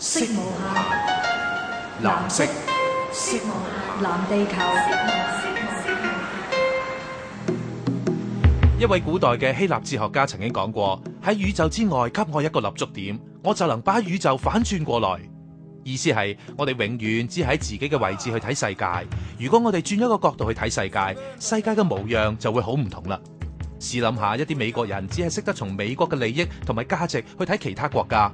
色無限，藍色。色無限，藍地球。色一位古代嘅希臘哲學家曾經講過：喺宇宙之外，給我一個立足點，我就能把宇宙反轉過來。意思係，我哋永遠只喺自己嘅位置去睇世界。如果我哋轉一個角度去睇世界，世界嘅模樣就會好唔同啦。試諗下一啲美國人，只係識得從美國嘅利益同埋價值去睇其他國家。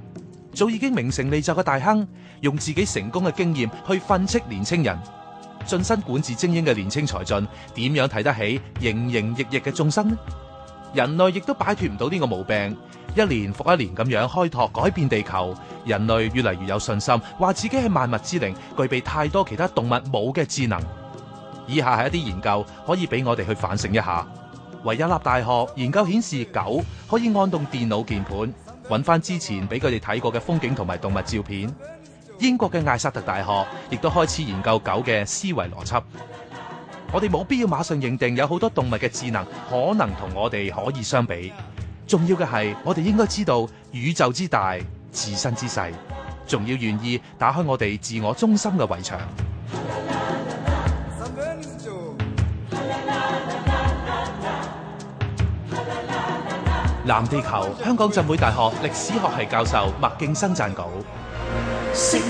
早已經名成利就嘅大亨，用自己成功嘅經驗去訓斥年青人，晉身管治精英嘅年青才俊，點樣睇得起營營役役嘅眾生呢？人類亦都擺脫唔到呢個毛病，一年復一年咁樣開拓改變地球，人類越嚟越有信心，話自己係萬物之靈，具備太多其他動物冇嘅智能。以下係一啲研究，可以俾我哋去反省一下。維也納大學研究顯示狗，狗可以按動電腦鍵盤。揾翻之前俾佢哋睇過嘅風景同埋動物照片。英國嘅艾薩特大學亦都開始研究狗嘅思維邏輯。我哋冇必要馬上認定有好多動物嘅智能可能同我哋可以相比。重要嘅係，我哋應該知道宇宙之大，自身之細，仲要願意打開我哋自我中心嘅圍牆。藍地球》，香港浸會大學歷史學系教授麥勁生撰稿。式無